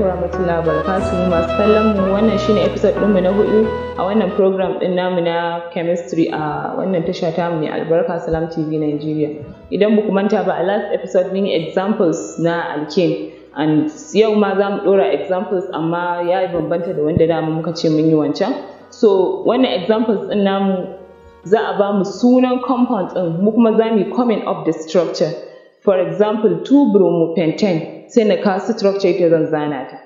alaikum wa wabarakatuh masu kallon mu wannan shine episode mu na hudu a wannan program ɗin namu na chemistry a wannan tasha ta mu albarka salam tv nigeria idan ku manta ba a last episode mun examples na alkene and yau ma za mu ɗora examples amma ya yi bambanta da wanda namu muka ce mun yi wancan so wannan examples ɗin namu za a ba mu sunan compound ɗin mu kuma za mu yi coming up the structure for example 2 bromopentane sai na kawo structure ita zan zana ta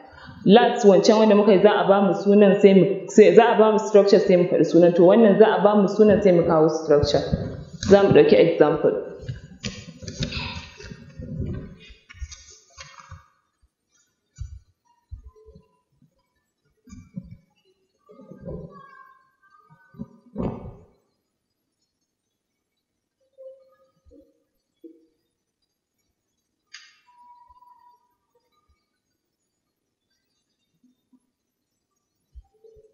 lats wancan wanda muka yi za a ba mu sunan sai mu za a ba mu structure sai mu faɗi sunan to wannan za a ba mu sunan sai mu kawo structure za mu ɗauki example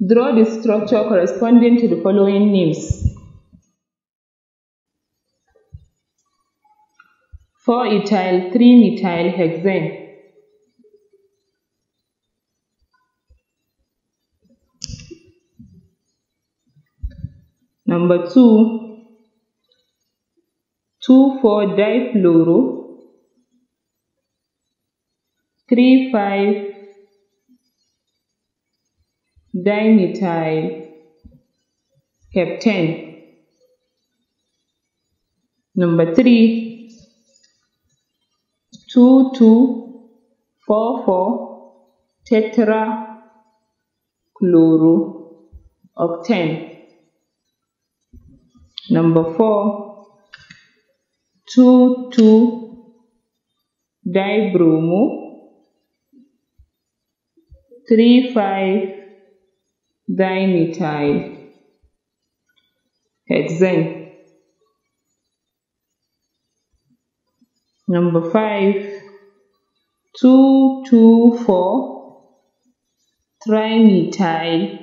Draw the structure corresponding to the following names. Four ethyl, three methyl hexane. Number two, two four difluoro, three five dimethyl heptane. Number three, two two four four tetra octane. Number four, two two dibromo three five dimethyl hexane. Number five, two two four trimethyl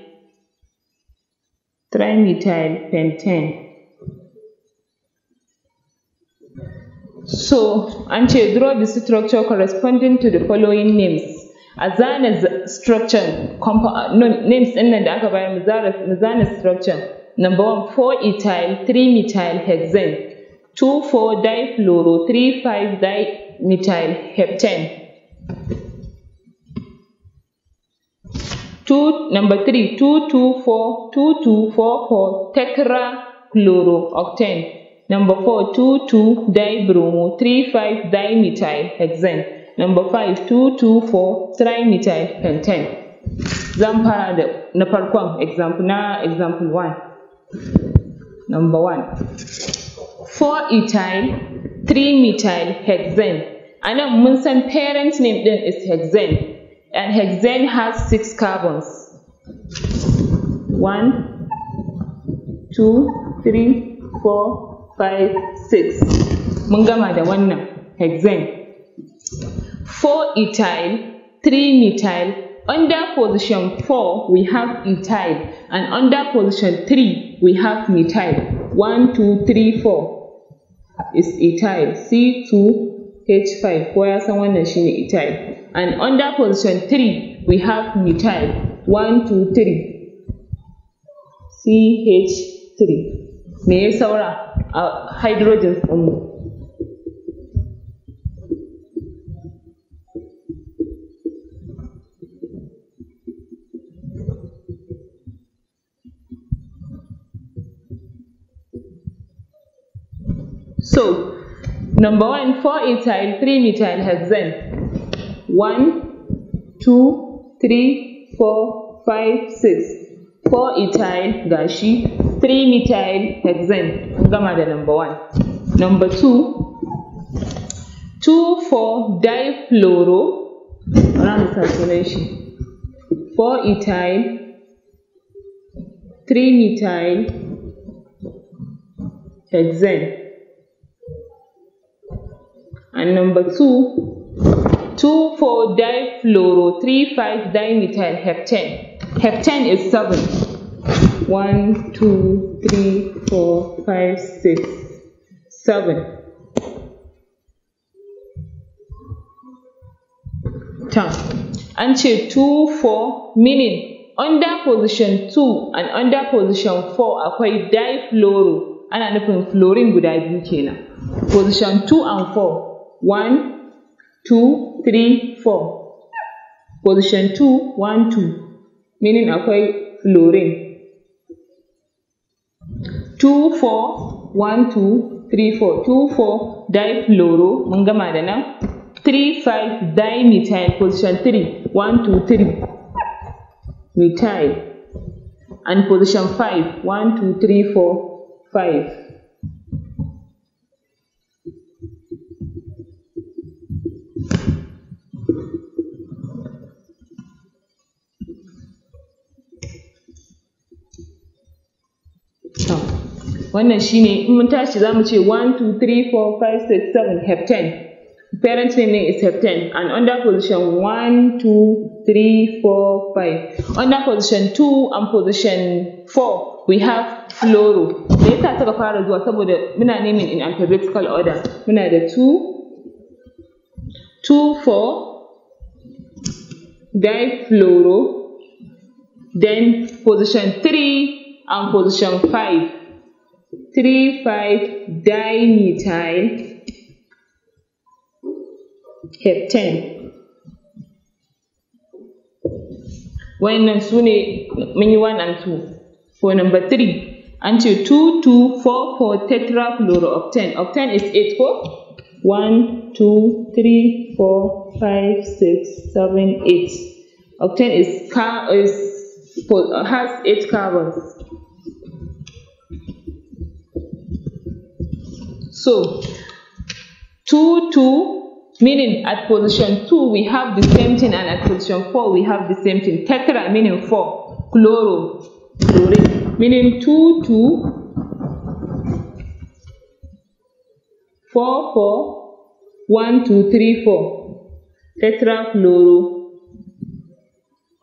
trimethyl pentane. So, and draw the structure corresponding to the following names a structure names ɗin the da aka structure number one 4 ethyl 3 methyl hexane 2 4 difluoro 3 5 dimethyl heptane 2 number 3 2 2 4 2 2 4 4 tetrachlorooctane number 4 2 2 dibromo 3 5 dimethyl hexane Number 5, 2, trimethyl pentane. Zan fara Zampara na farkon example na example 1. Number 1. 4-ethyl 3-methyl hexane. A nan mun parent name ɗin is hexane. And hexane has 6 carbons. 1, 2, 3, 4, 5, 6. da hexane. 4-ethyl, 3-methyl. Under position 4, we have ethyl, and under position 3, we have methyl. 1, 2, 3, 4 is ethyl. C2H5, kowa san wannan shi ethyl. And under position 3, we have methyl. 1, 2, 3. CH3. Me ya saura a hydrogens ɗinmu? Number one, 4-ethyl, 3-methyl hexane. 1, 2, 3, 4, 5, 6. 4-ethyl, gashi, 3-methyl hexane. Gamma the number one. Number 2 4 2,4-difluoro. Around the calculation. 4-ethyl, 3-methyl hexane. And number two, 2,4-difluoro-3,5-dimethyl heptane. Heptane is 7. 1, 2, 3, 4, 5, 6, 7. Turn. 2-4 meaning under position 2 and under position 4 quite difluoro ana nufin fluorine guda biyu kenan. Position 2 and 4 one 2, three four Position two one two meaning akwai fluorine. 2, 4, 1, 2, 3, 4. 2, 4, difluoro, mun gama da nan. 3, 5, dimethyl, position 3, one two three Methyl. And position 5, one two three four five. wannan shine in mun tashi za mu ce 1 2 3 4 5 6 7 heptane parent name is heptane and under position 1 2 3 4 5 under position 2 and position 4 we have fluoro da yasa suka fara zuwa saboda muna naming in alphabetical order muna da 2 2 4 difluoro then position 3 and position 5 3,5 dimethyl heptane. Wayannan su ne mun yi 1 and 2. For number 3, until ce 2, 2, 4, 4 tetrafluorooctane. Octane is 8 ko? 1, 2, 3, 4, 5, 6, 7, 8. Octane is, car is has 8 carbons. So, 2, 2, meaning at position 2 we have the same thing and at position 4 we have the same thing. Tetra meaning 4, chloro, chlorine, meaning 2, 2, 4, 4, 1, 2, 3, 4, tetrachloro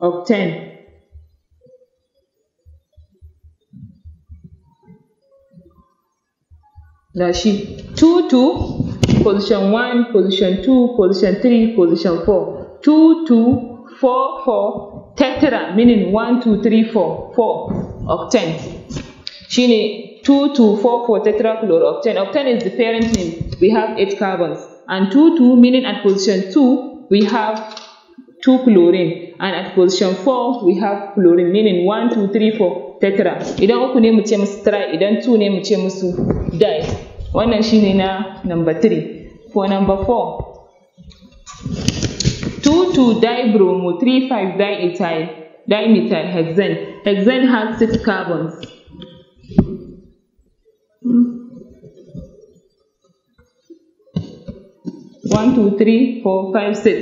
of 10. Now she 2, 2, position 1, position 2, position 3, position 4. 2, 2, 4, 4, tetra, meaning 1, 2, 3, 4, 4, octane. She need 2, 2, 4, 4, tetrachlorooctane. Octane is the parent name. We have 8 carbons. And 2, 2, meaning at position 2, we have 2 chlorine. And at position 4, we have chlorine, meaning 1, 2, 3, 4, tetra. Idan uku ne mu ce you try, not 2 name mu ce musu die. wannan shi ne na number 3 for number 4 2 2 dibromo three 5 diethyl dimethyl hexane hexane has six carbons hmm. One, two, three, four, five, six.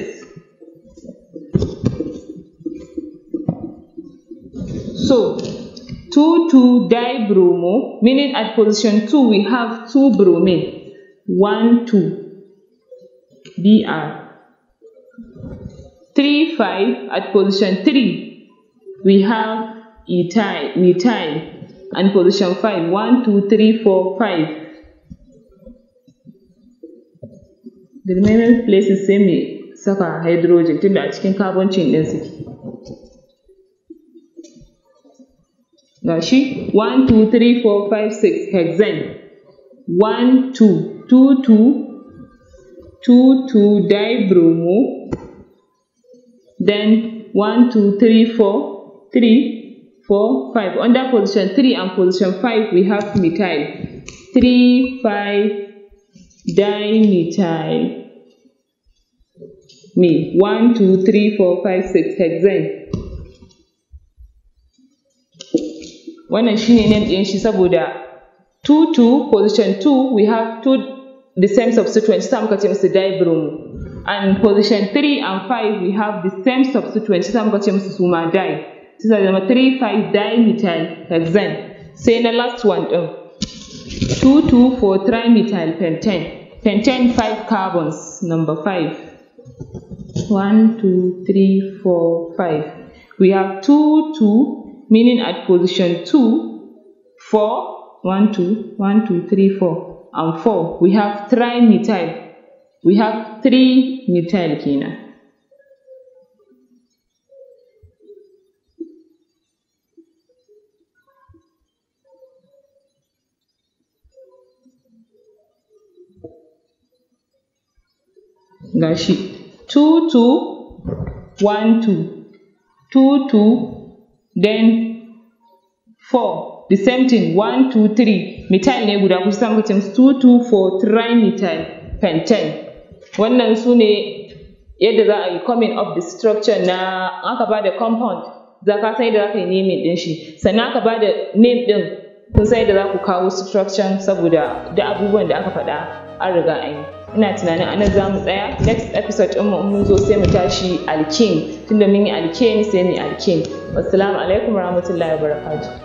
2 dibromo, meaning at position 2 we have 2 bromine. 1, 2. Br. 3, 5. At position 3 we have ethyl, methyl. And position 5, 1, 2, 3, 4, 5. The remaining places is semi saka hydrogen tunda a cikin carbon chain density. gashi 1 2 3 4 5 6 hexane 1 2 2 2 2 2 dibromo then 1 2 3 4 3 4 5 under position 3 and position 5 we have methyl 3 5 dimethyl me 1 2 3 4 5 6 hexane wannan shine name ɗin shi saboda 2 2 position 2 we have two the same substituents sa muka ce musu dibromo and position 3 and 5 we have the same substituents sa muka ce musu suma di sai zama 3 5 dimethyl hexane sai na last one ɗin um, 2 2 4 trimethyl pentane pentane 5 carbons number 5 1 2 3 4 5 we have 2 2 meaning at position 2, 4, 1, 2, 1, 2, 3, 4, and 4. We have trimethyl. We have 3 methyl kina. gashi 2 2 1 2 2 2 then 4 the same thing 1 2 3 methyl ne guda kusa muka ce musu 2 2 4 trimethyl pentane wannan su ne yadda za a yi coming of the structure na aka ba da compound za ka san yadda za ka yi naming din shi sannan aka ba da name din kun san yadda za ku kawo structure saboda duk abubuwan da aka faɗa an riga an yi ina tunanin anan za mu tsaya next episode mu mun zo sai mu tashi alkin tunda mun yi alkin sai mu yi alkin wassalamu alaikum warahmatullahi wabarakatuh